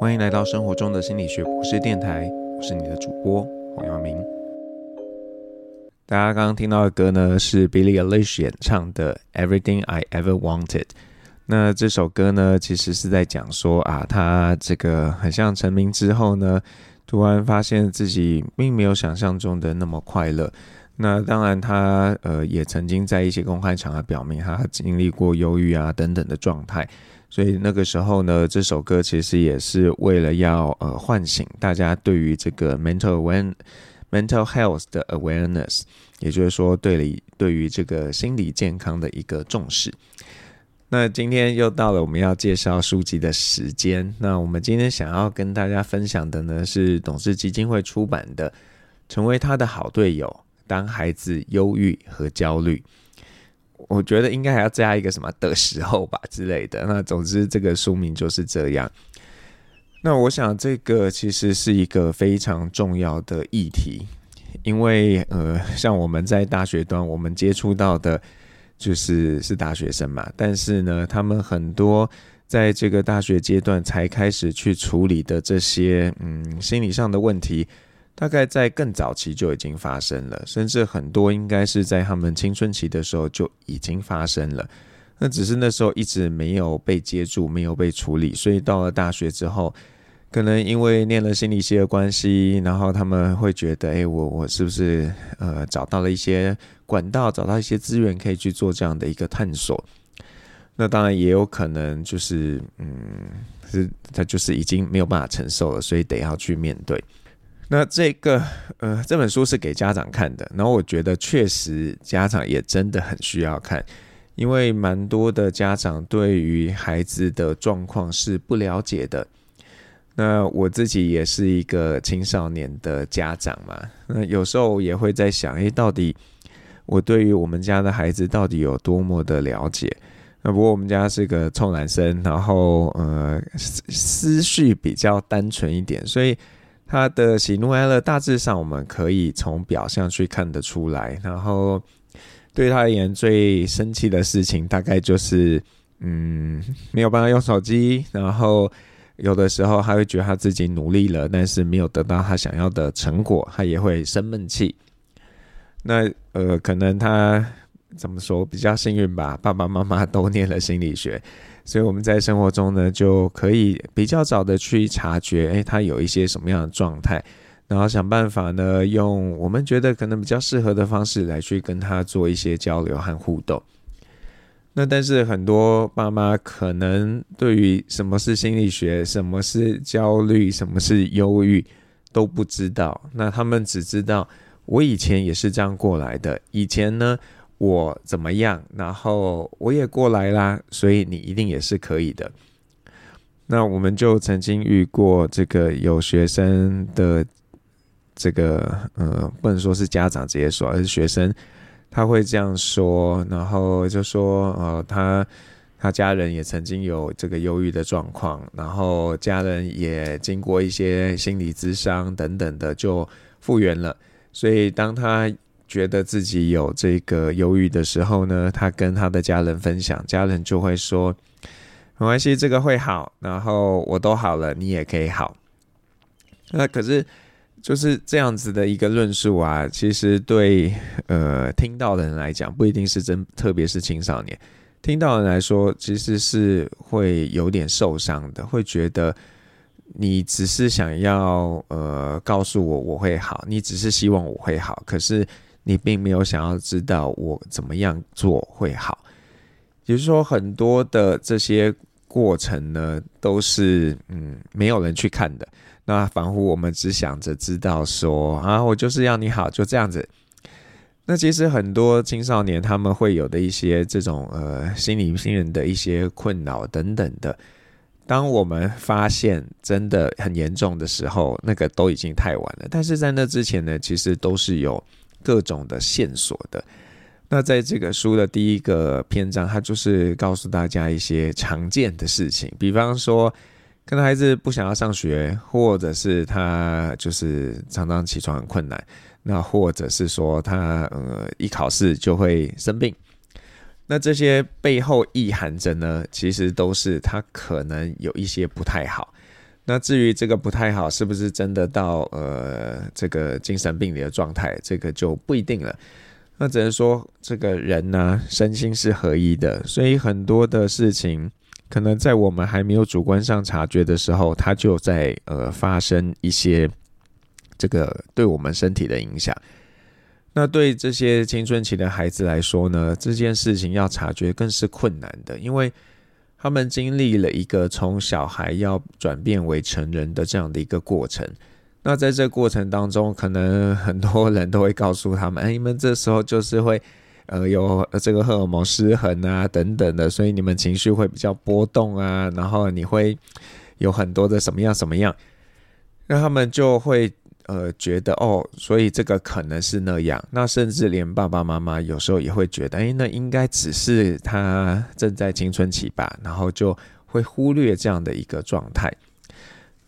歡迎來到生活中的心理學博士電台，我是你的主播黃耀明。大家剛剛聽到的歌呢，是 Billie Eilish 演唱的《Everything I Ever Wanted》。那這首歌呢，其實是在講說啊，他這個很像成名之後呢，突然發現自己並沒有想象中的那麼快樂。那當然他，他呃也曾經在一些公開場合表明，他經歷過憂鬱啊等等的狀態。所以那個時候呢，這首歌其實也是為了要呃喚醒大家對於這個 mental aware mental health 的 awareness，也就是說對，對了，對於這個心理健康的一個重視。那今天又到了我們要介紹書籍的時間。那我們今天想要跟大家分享的呢，是董氏基金會出版的《成為他的好隊友》。當孩子憂鬱和焦慮，我覺得應該還要加一個什麼的時候吧之類的。那總之，這個書名就是這樣。那我想，這個其實是一個非常重要的議題，因為呃，像我們在大學端，我們接觸到的，就是是大學生嘛。但是呢，他們很多在這個大學階段才開始去處理的這些嗯心理上的問題。大概在更早期就已經發生了，甚至很多應該是在他們青春期的時候就已經發生了。那只是那時候一直沒有被接住，沒有被處理，所以到了大學之後，可能因為念了心理系的關係，然後他們會覺得，哎、欸，我我是不是呃找到了一些管道，找到一些資源可以去做這樣的一個探索？那當然也有可能就是，嗯，是他就是已經沒有辦法承受了，所以得要去面對。那這個，呃，這本書是給家長看的。然後我覺得，確實家長也真的很需要看，因為蠻多的家長對於孩子的狀況是不了解的。那我自己也是一個青少年的家長嘛，那有時候也會在想，哎，到底我對於我們家的孩子到底有多麼的了解？那不過我們家是個臭男生，然後呃，思緒比較單純一點，所以。他的喜怒哀樂大致上我們可以從表象去看得出來，然後對他而言最生氣的事情大概就是，嗯，沒有辦法用手機。然後有的時候他會覺得他自己努力了，但是沒有得到他想要的成果，他也會生悶氣。那呃，可能他怎麼說比較幸運吧，爸爸媽媽都念了心理學。所以我們在生活中呢，就可以比較早的去察覺，哎、欸，他有一些什麼樣的狀態，然後想辦法呢，用我們覺得可能比較適合的方式來去跟他做一些交流和互動。那但是很多爸媽可能對於什麼是心理學、什麼是焦慮、什麼是憂鬱都不知道，那他們只知道我以前也是這樣過來的，以前呢。我怎麼樣？然後我也過來啦，所以你一定也是可以的。那我們就曾經遇過這個有學生的這個，呃，不能說是家長直接說，而是學生他會這樣說，然後就說，呃，他他家人也曾經有這個憂鬱的狀況，然後家人也經過一些心理諮商等等的就復原了，所以當他。覺得自己有這個憂鬱的時候呢，他跟他的家人分享，家人就會說，沒關係，這個會好，然後我都好了，你也可以好。那可是就是這樣子的一個論述啊，其實對呃聽到的人來講，不一定是真，特別是青少年聽到人來說，其實是會有點受傷的，會覺得你只是想要呃告訴我我會好，你只是希望我會好，可是。你並沒有想要知道我怎麼樣做會好，也就是說，很多的這些過程呢，都是嗯，沒有人去看的。那仿佛我們只想着知道說啊，我就是要你好，就這樣子。那其實很多青少年他們會有的一些這種呃心理、心理的一些困擾等等的。當我們發現真的很嚴重的時候，那個都已經太晚了。但是在那之前呢，其實都是有。各種的線索的，那在這個書的第一個篇章，它就是告訴大家一些常見的事情，比方說，可能孩子不想要上學，或者是他就是常常起床很困難，那或者是說他，呃、嗯，一考試就會生病，那這些背後意涵着呢，其實都是他可能有一些不太好。那至於這個不太好，是不是真的到呃這個精神病理的狀態，這個就不一定了。那只能說這個人呢、啊，身心是合一的，所以很多的事情，可能在我們還沒有主觀上察覺的時候，他就在呃發生一些這個對我們身體的影響。那對這些青春期的孩子來說呢，這件事情要察覺更是困難的，因為。他們經歷了一個從小孩要轉變為成人的這樣的一個過程，那在這個過程當中，可能很多人都會告訴他們，哎，你們這時候就是會，呃，有這個荷爾蒙失衡啊，等等的，所以你們情緒會比較波動啊，然後你會有很多的什麼樣什麼樣，那他們就會。呃，覺得哦，所以這個可能是那樣。那甚至連爸爸媽媽有時候也會覺得，哎，那應該只是他正在青春期吧，然後就會忽略這樣的一個狀態。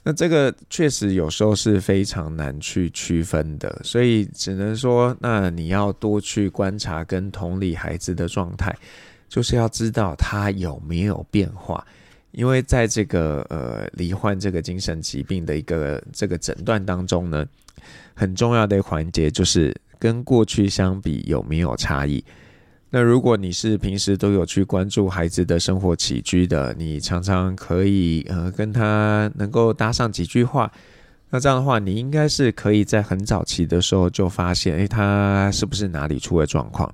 那這個確實有時候是非常難去區分的，所以只能說，那你要多去觀察跟同理孩子的狀態，就是要知道他有沒有變化。因為在這個呃，罹患這個精神疾病的一個這個診斷當中呢，很重要的一個環節就是跟過去相比有沒有差異。那如果你是平時都有去關注孩子的生活起居的，你常常可以呃跟他能夠搭上幾句話，那這樣的話，你應該是可以在很早期的時候就發現，誒，他是不是哪裡出了狀況？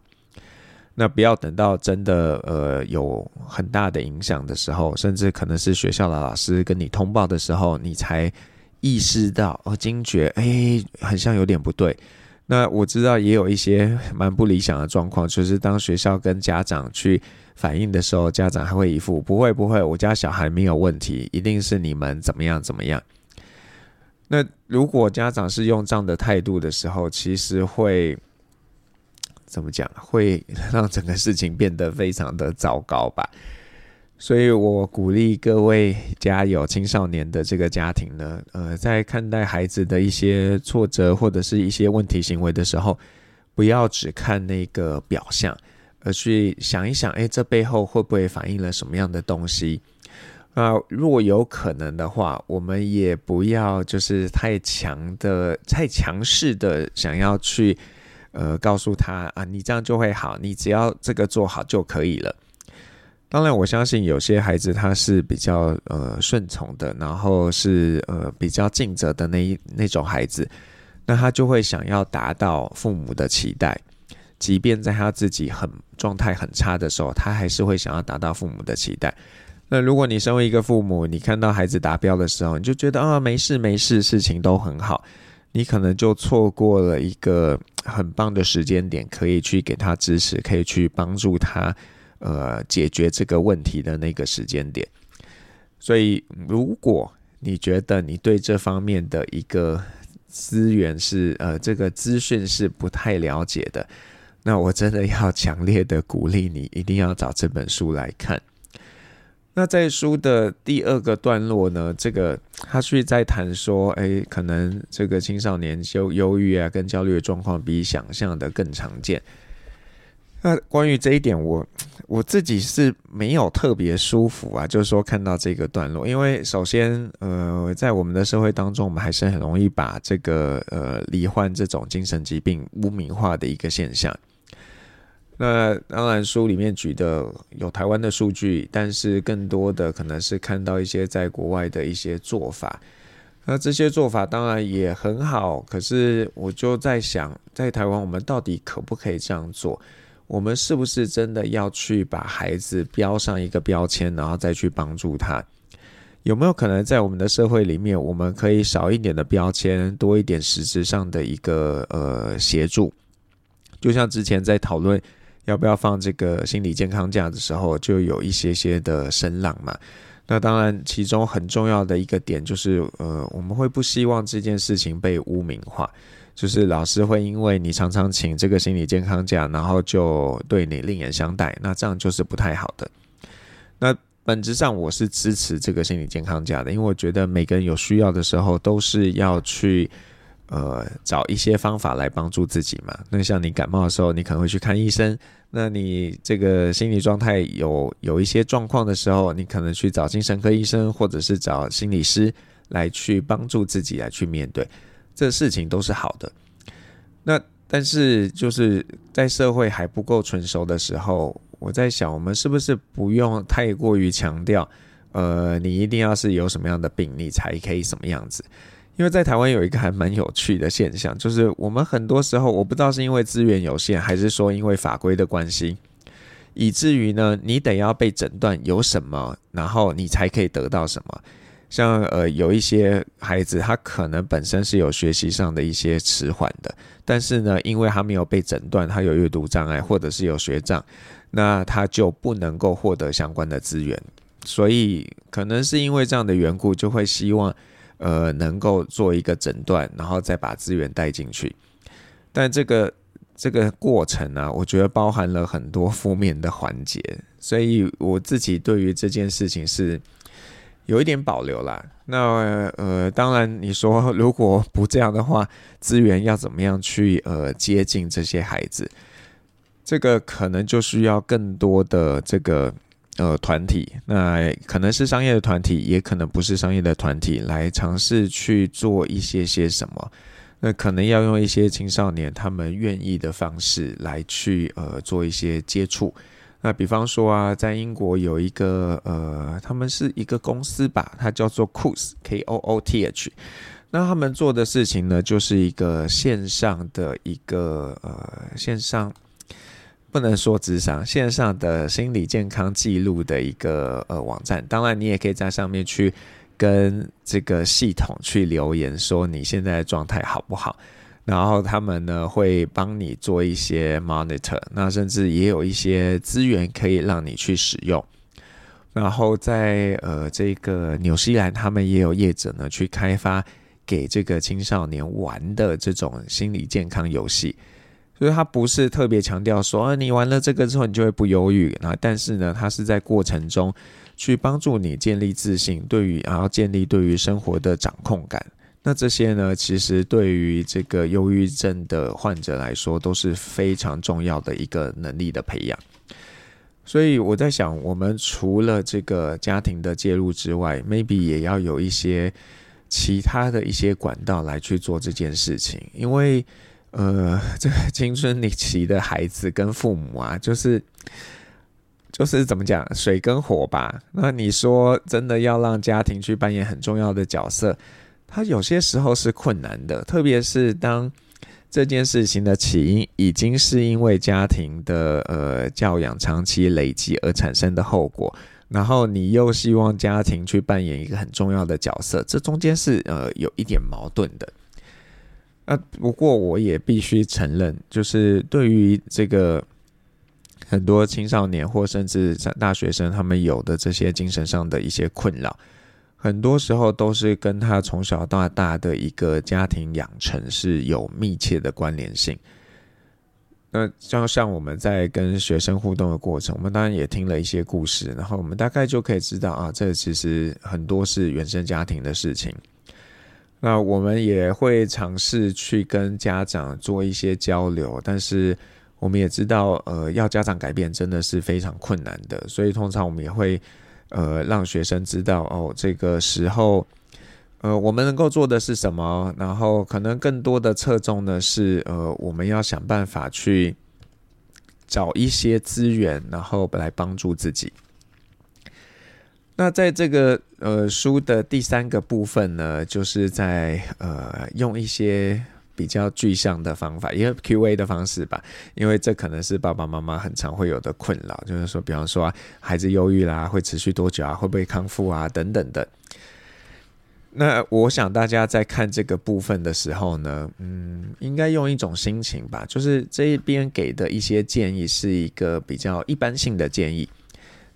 那不要等到真的呃有很大的影響的時候，甚至可能是學校的老師跟你通報的時候，你才意識到哦，驚覺哎，好像有點不對。那我知道也有一些蠻不理想的狀況，就是當學校跟家長去反映的時候，家長還會一副不會不會，我家小孩沒有問題，一定是你們怎麼樣怎麼樣。那如果家長是用這樣的態度的時候，其實會。怎麼講，會讓整個事情變得非常的糟糕吧？所以，我鼓勵各位家有青少年的這個家庭呢，呃，在看待孩子的一些挫折或者是一些問題行為的時候，不要只看那個表象，而去想一想，哎，這背後會不會反映了什麼樣的東西？啊、呃，如果有可能的話，我們也不要就是太強的、太強勢的想要去。呃，告訴他啊，你這樣就會好，你只要這個做好就可以了。當然，我相信有些孩子他是比較呃順從的，然後是呃比較盡責的那一那種孩子，那他就會想要達到父母的期待，即便在他自己很狀態很差的時候，他還是會想要達到父母的期待。那如果你身為一個父母，你看到孩子達標的時候，你就覺得啊，沒事沒事，事情都很好。你可能就錯過了一個很棒的時間點，可以去給他支持，可以去幫助他，呃，解決這個問題的那個時間點。所以，如果你覺得你對這方面的一個資源是，呃，這個資訊是不太了解的，那我真的要強烈的鼓勵你，一定要找這本書來看。那在書的第二個段落呢，這個他是在談說，哎、欸，可能這個青少年就憂鬱啊，跟焦慮的狀況比想象的更常見。那關於這一點我，我我自己是沒有特別舒服啊，就是說看到這個段落。因為首先，呃，在我們的社會當中，我們還是很容易把這個呃，罹患這種精神疾病污名化的一個現象。那當然，書裡面舉的有台灣的數據，但是更多的可能是看到一些在國外的一些做法。那這些做法當然也很好，可是我就在想，在台灣我們到底可不可以這樣做？我們是不是真的要去把孩子標上一個標籤，然後再去幫助他？有沒有可能在我們的社會裡面，我們可以少一點的標籤，多一點實質上的一個呃協助？就像之前在討論。要不要放這個心理健康假的時候，就有一些些的聲浪嘛？那當然，其中很重要的一個點就是，呃，我們會不希望這件事情被污名化，就是老師會因為你常常請這個心理健康假，然後就對你另眼相待，那這樣就是不太好的。那本質上，我是支持這個心理健康假的，因為我覺得每個人有需要的時候，都是要去。呃，找一些方法來幫助自己嘛。那像你感冒的時候，你可能會去看醫生；那你這個心理狀態有有一些狀況的時候，你可能去找精神科醫生，或者是找心理師來去幫助自己來去面對。這事情都是好的。那但是就是在社會還不夠成熟的時候，我在想，我們是不是不用太過於強調，呃，你一定要是有什麼樣的病，你才可以什麼樣子？因為在台灣有一個還蠻有趣的現象，就是我們很多時候，我不知道是因為資源有限，還是說因為法規的關係，以至於呢，你得要被診斷有什麼，然後你才可以得到什麼。像呃，有一些孩子他可能本身是有學習上的一些遲緩的，但是呢，因為他沒有被診斷，他有閱讀障礙，或者是有學障，那他就不能夠獲得相關的資源，所以可能是因為這樣的緣故，就會希望。呃，能夠做一個診斷，然後再把資源帶進去，但這個這個過程呢、啊，我覺得包含了很多負面的環節，所以我自己對於這件事情是有一點保留啦。那呃，呃，當然你說如果不這樣的話，資源要怎麼樣去呃接近這些孩子，這個可能就需要更多的這個。呃，團體，那可能是商業的團體，也可能不是商業的團體，來嘗試去做一些些什麼。那可能要用一些青少年他們願意的方式來去呃做一些接觸。那比方說啊，在英國有一個呃，他們是一個公司吧，它叫做 Kooth，K O O T H。那他們做的事情呢，就是一個線上的一個呃線上。不能說職場線上的心理健康記錄的一個呃網站，當然你也可以在上面去跟這個系統去留言，說你現在狀態好不好，然後他們呢會幫你做一些 monitor，那甚至也有一些資源可以讓你去使用。然後在呃這個紐西蘭，他們也有業者呢去開發給這個青少年玩的這種心理健康遊戲。所以他不是特別強調說，啊，你玩了這個之後你就會不憂鬱啊。但是呢，他是在過程中去幫助你建立自信，對於然後建立對於生活的掌控感。那這些呢，其實對於這個憂鬱症的患者來說都是非常重要的一個能力的培養。所以我在想，我們除了這個家庭的介入之外，maybe 也要有一些其他的一些管道來去做這件事情，因為。呃，這個青春期的孩子跟父母啊，就是就是怎麼講，水跟火吧。那你說真的要讓家庭去扮演很重要的角色，他有些時候是困難的，特別是當這件事情的起因已經是因為家庭的呃教養長期累積而產生的後果，然後你又希望家庭去扮演一個很重要的角色，這中間是呃有一點矛盾的。啊，不過我也必須承認，就是對於這個很多青少年或甚至大學生，他們有的這些精神上的一些困擾，很多時候都是跟他從小到大的一個家庭養成是有密切的關聯性。那就像我們在跟學生互動的過程，我們當然也聽了一些故事，然後我們大概就可以知道啊，這其實很多是原生家庭的事情。那我們也會嘗試去跟家長做一些交流，但是我們也知道，呃，要家長改變真的是非常困難的，所以通常我們也會，呃，讓學生知道，哦，這個時候，呃，我們能夠做的是什麼，然後可能更多的側重的是，呃，我們要想辦法去找一些資源，然後來幫助自己。那在這個呃書的第三個部分呢，就是在呃用一些比較具象的方法，因為 QA 的方式吧，因為這可能是爸爸媽媽很常會有的困擾，就是說，比方說啊，孩子憂鬱啦，會持續多久啊，會不會康復啊，等等的。那我想大家在看這個部分的時候呢，嗯，應該用一種心情吧，就是這一邊給的一些建議是一個比較一般性的建議。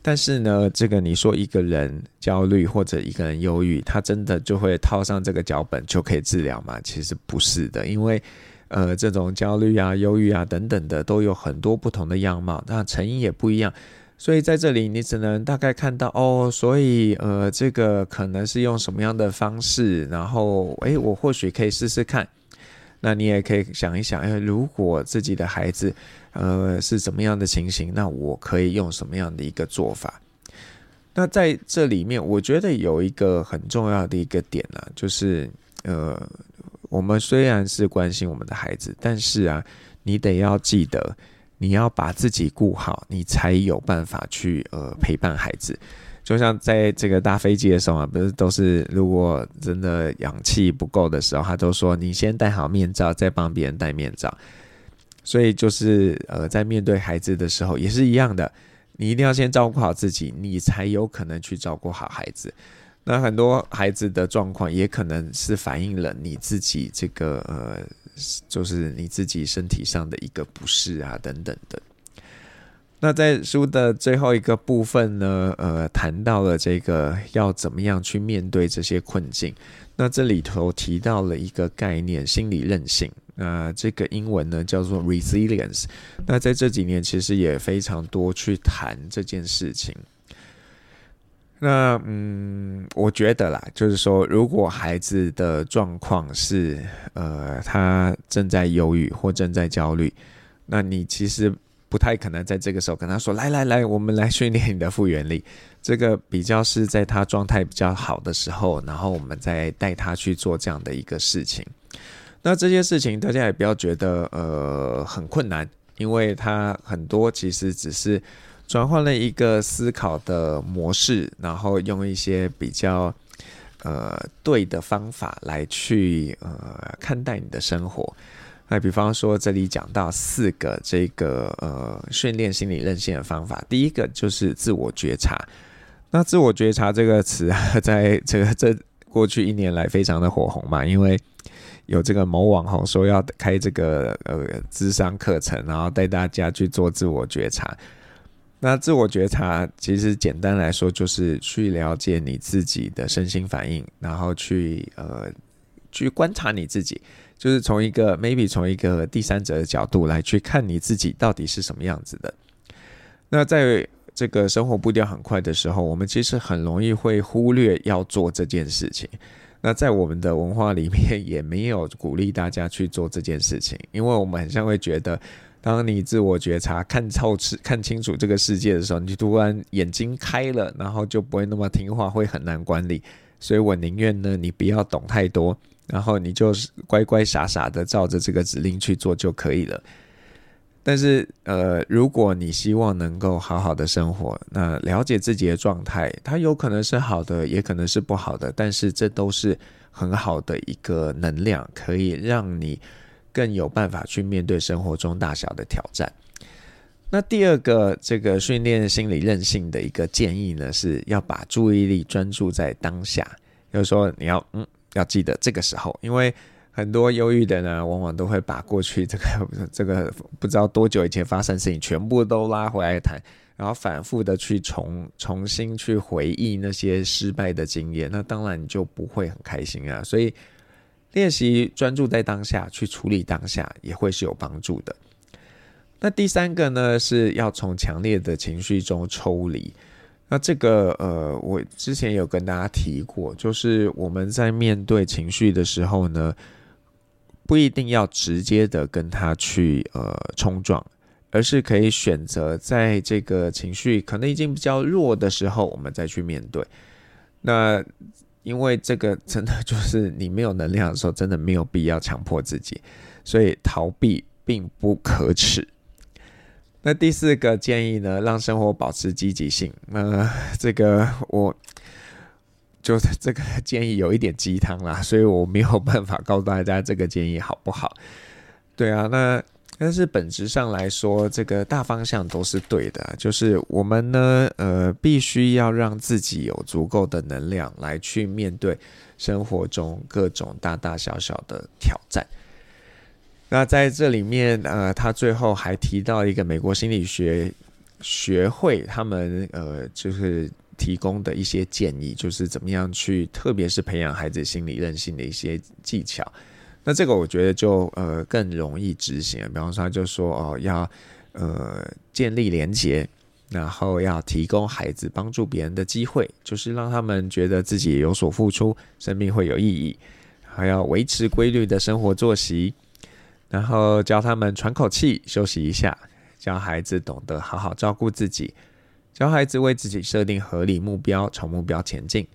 但是呢，這個你說一個人焦慮或者一個人憂鬱，他真的就會套上這個腳本就可以治療嗎？其實不是的，因為呃，這種焦慮啊、憂鬱啊等等的都有很多不同的樣貌，那成因也不一樣。所以在這裡，你只能大概看到哦，所以呃，這個可能是用什麼樣的方式，然後誒我或許可以試試看。那你也可以想一想，哎，如果自己的孩子，呃，是怎麼樣的情形，那我可以用什麼樣的一個做法？那在這裡面，我覺得有一個很重要的一個點呢，啊，就是，呃，我們雖然是關心我們的孩子，但是啊，你得要記得，你要把自己顧好，你才有辦法去呃陪伴孩子。就像在這個搭飛機的時候啊，不是都是如果真的氧氣不夠的時候，他都說你先戴好面罩，再幫別人戴面罩。所以就是呃，在面對孩子的時候也是一樣的，你一定要先照顧好自己，你才有可能去照顧好孩子。那很多孩子的狀況也可能是反映了你自己這個呃，就是你自己身體上的一個不適啊等等的。那在書的最後一個部分呢，呃，談到了這個要怎麼樣去面對這些困境。那這裡頭提到了一個概念，心理韌性。那這個英文呢叫做 resilience。那在這幾年其實也非常多去談這件事情。那嗯，我覺得啦，就是說，如果孩子的狀況是呃，他正在憂鬱或正在焦慮，那你其實。不太可能在這個時候跟他說：“來來來，我們來訓練你的復原力。”這個比較是在他狀態比較好的時候，然後我們再帶他去做這樣的一個事情。那這些事情大家也不要覺得呃很困難，因為他很多其實只是轉換了一個思考的模式，然後用一些比較呃對的方法來去呃看待你的生活。那比方說，這裡講到四個這個呃，訓練心理韌性的方法。第一個就是自我覺察。那自我覺察這個詞啊，在這個這過去一年來非常的火紅嘛，因為有這個某網紅說要開這個呃諮商課程，然後帶大家去做自我覺察。那自我覺察其實簡單來說，就是去了解你自己的身心反應，然後去呃去觀察你自己。就是從一個 maybe 從一個第三者的角度來去看你自己到底是什麼樣子的。那在這個生活步調很快的時候，我們其實很容易會忽略要做這件事情。那在我們的文化裡面，也沒有鼓勵大家去做這件事情，因為我們很像會覺得，當你自我覺察、看透、看清楚這個世界的時候，你突然眼睛開了，然後就不會那麼聽話，會很難管理。所以我寧願呢，你不要懂太多。然後你就是乖乖傻傻的照着這個指令去做就可以了。但是，呃，如果你希望能夠好好的生活，那了解自己的狀態，它有可能是好的，也可能是不好的，但是這都是很好的一個能量，可以讓你更有辦法去面對生活中大小的挑戰。那第二個，這個訓練心理韌性的一個建議呢，是要把注意力專注在當下，就是說你要嗯。要記得這個時候，因為很多憂鬱的呢，往往都會把過去這個這個不知道多久以前發生事情，全部都拉回來談，然後反復的去重重新去回憶那些失敗的經驗，那當然你就不會很開心啊。所以練習專注在當下去處理當下，也會是有幫助的。那第三個呢，是要從強烈的情緒中抽離。那這個呃，我之前有跟大家提過，就是我們在面對情緒的時候呢，不一定要直接的跟他去呃衝撞，而是可以選擇在這個情緒可能已經比較弱的時候，我們再去面對。那因為這個真的就是你沒有能量的時候，真的沒有必要強迫自己，所以逃避並不可恥。那第四個建議呢，讓生活保持積極性。那、呃、這個我，就這個建議有一點雞湯啦，所以我沒有辦法告訴大家這個建議好不好。對啊，那但是本質上來說，這個大方向都是對的，就是我們呢，呃，必須要讓自己有足夠的能量來去面對生活中各種大大小小的挑戰。那在這裡面，呃，他最後還提到一個美國心理學學會，他們呃，就是提供的一些建議，就是怎麼樣去，特別是培養孩子心理韌性的一些技巧。那這個我覺得就呃，更容易執行。比方說，他就說，就說哦，要呃，建立連接，然後要提供孩子幫助別人的機會，就是讓他們覺得自己有所付出，生命會有意義。還要維持規律的生活作息。然後教他們喘口氣、休息一下，教孩子懂得好好照顧自己，教孩子為自己設定合理目標，朝目標前進，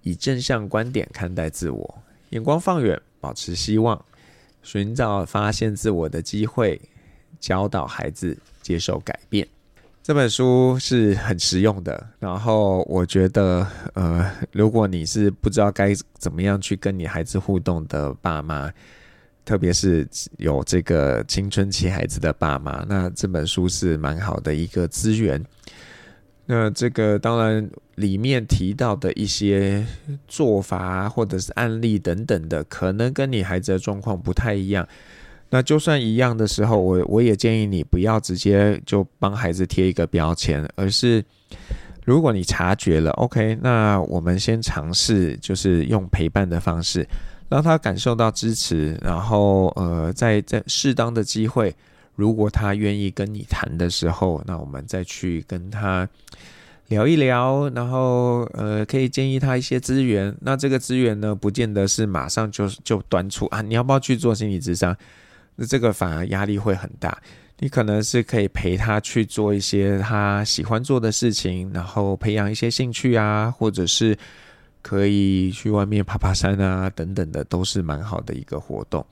以正向觀點看待自我，眼光放遠，保持希望，尋找發現自我的機會，教導孩子接受改變。這本書是很實用的。然後我覺得，呃，如果你是不知道該怎麼樣去跟你孩子互動的爸媽，特別是有這個青春期孩子的爸媽，那這本書是蠻好的一個資源。那這個當然裡面提到的一些做法或者是案例等等的，可能跟你孩子的狀況不太一樣。那就算一樣的時候，我我也建議你不要直接就幫孩子貼一個標籤，而是如果你察覺了，OK，那我們先嘗試就是用陪伴的方式。讓他感受到支持，然後呃，在在適當的機會，如果他願意跟你談的時候，那我們再去跟他聊一聊，然後呃，可以建議他一些資源。那這個資源呢，不見得是馬上就就端出啊，你要不要去做心理諮商？那這個反而壓力會很大。你可能是可以陪他去做一些他喜歡做的事情，然後培養一些興趣啊，或者是。可以去外面爬爬山啊，等等的都是蠻好的一個活動。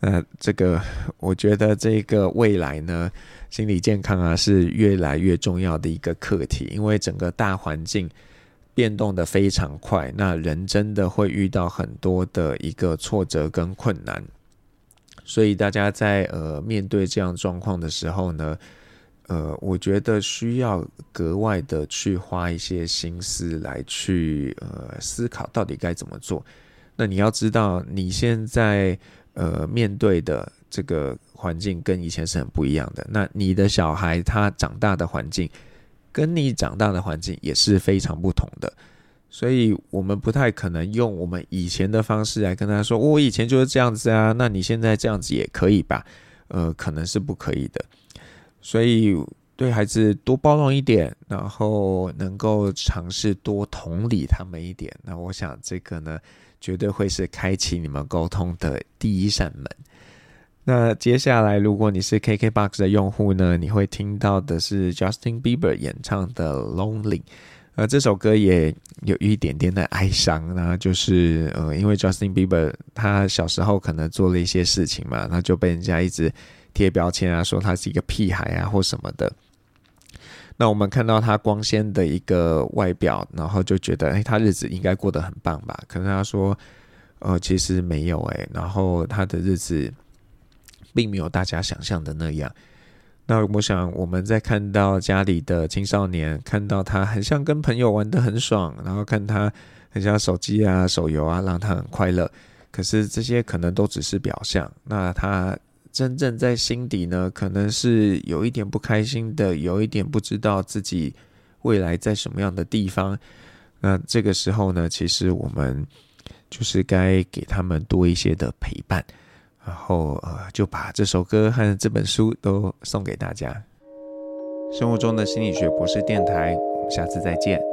那這個，我覺得這個未來呢，心理健康啊是越來越重要的一個課題，因為整個大環境變動得非常快，那人真的會遇到很多的一個挫折跟困難。所以大家在呃面對這樣狀況的時候呢。呃，我覺得需要格外的去花一些心思來去呃思考到底該怎麼做。那你要知道，你現在呃面對的這個環境跟以前是很不一樣的。那你的小孩他長大的環境跟你長大的環境也是非常不同的，所以我們不太可能用我們以前的方式來跟他說，哦：“我以前就是這樣子啊，那你現在這樣子也可以吧？”呃，可能是不可以的。所以對孩子多包容一點，然後能夠嘗試多同理他們一點，那我想這個呢，絕對會是開啟你們溝通的第一扇門。那接下來，如果你是 KKBOX 的用戶呢，你會聽到的是 Justin Bieber 演唱的《Lonely》，呃，這首歌也有一點點的哀傷，那就是呃，因為 Justin Bieber 他小時候可能做了一些事情嘛，那就被人家一直貼標籤啊，說他是一個屁孩啊，或什麼的。那我們看到他光鮮的一個外表，然後就覺得，哎、欸，他日子應該過得很棒吧？可是他說，呃，其實沒有、欸，哎。然後他的日子並沒有大家想象的那樣。那我想，我們在看到家裡的青少年，看到他很像跟朋友玩得很爽，然後看他很像手機啊、手遊啊，讓他很快樂。可是這些可能都只是表象。那他。真正在心底呢，可能是有一點不開心的，有一點不知道自己未來在什麼樣的地方。那這個時候呢，其實我們就是該給他們多一些的陪伴，然後呃，就把這首歌和這本書都送給大家。生活中的心理學博士電台，我們下次再見。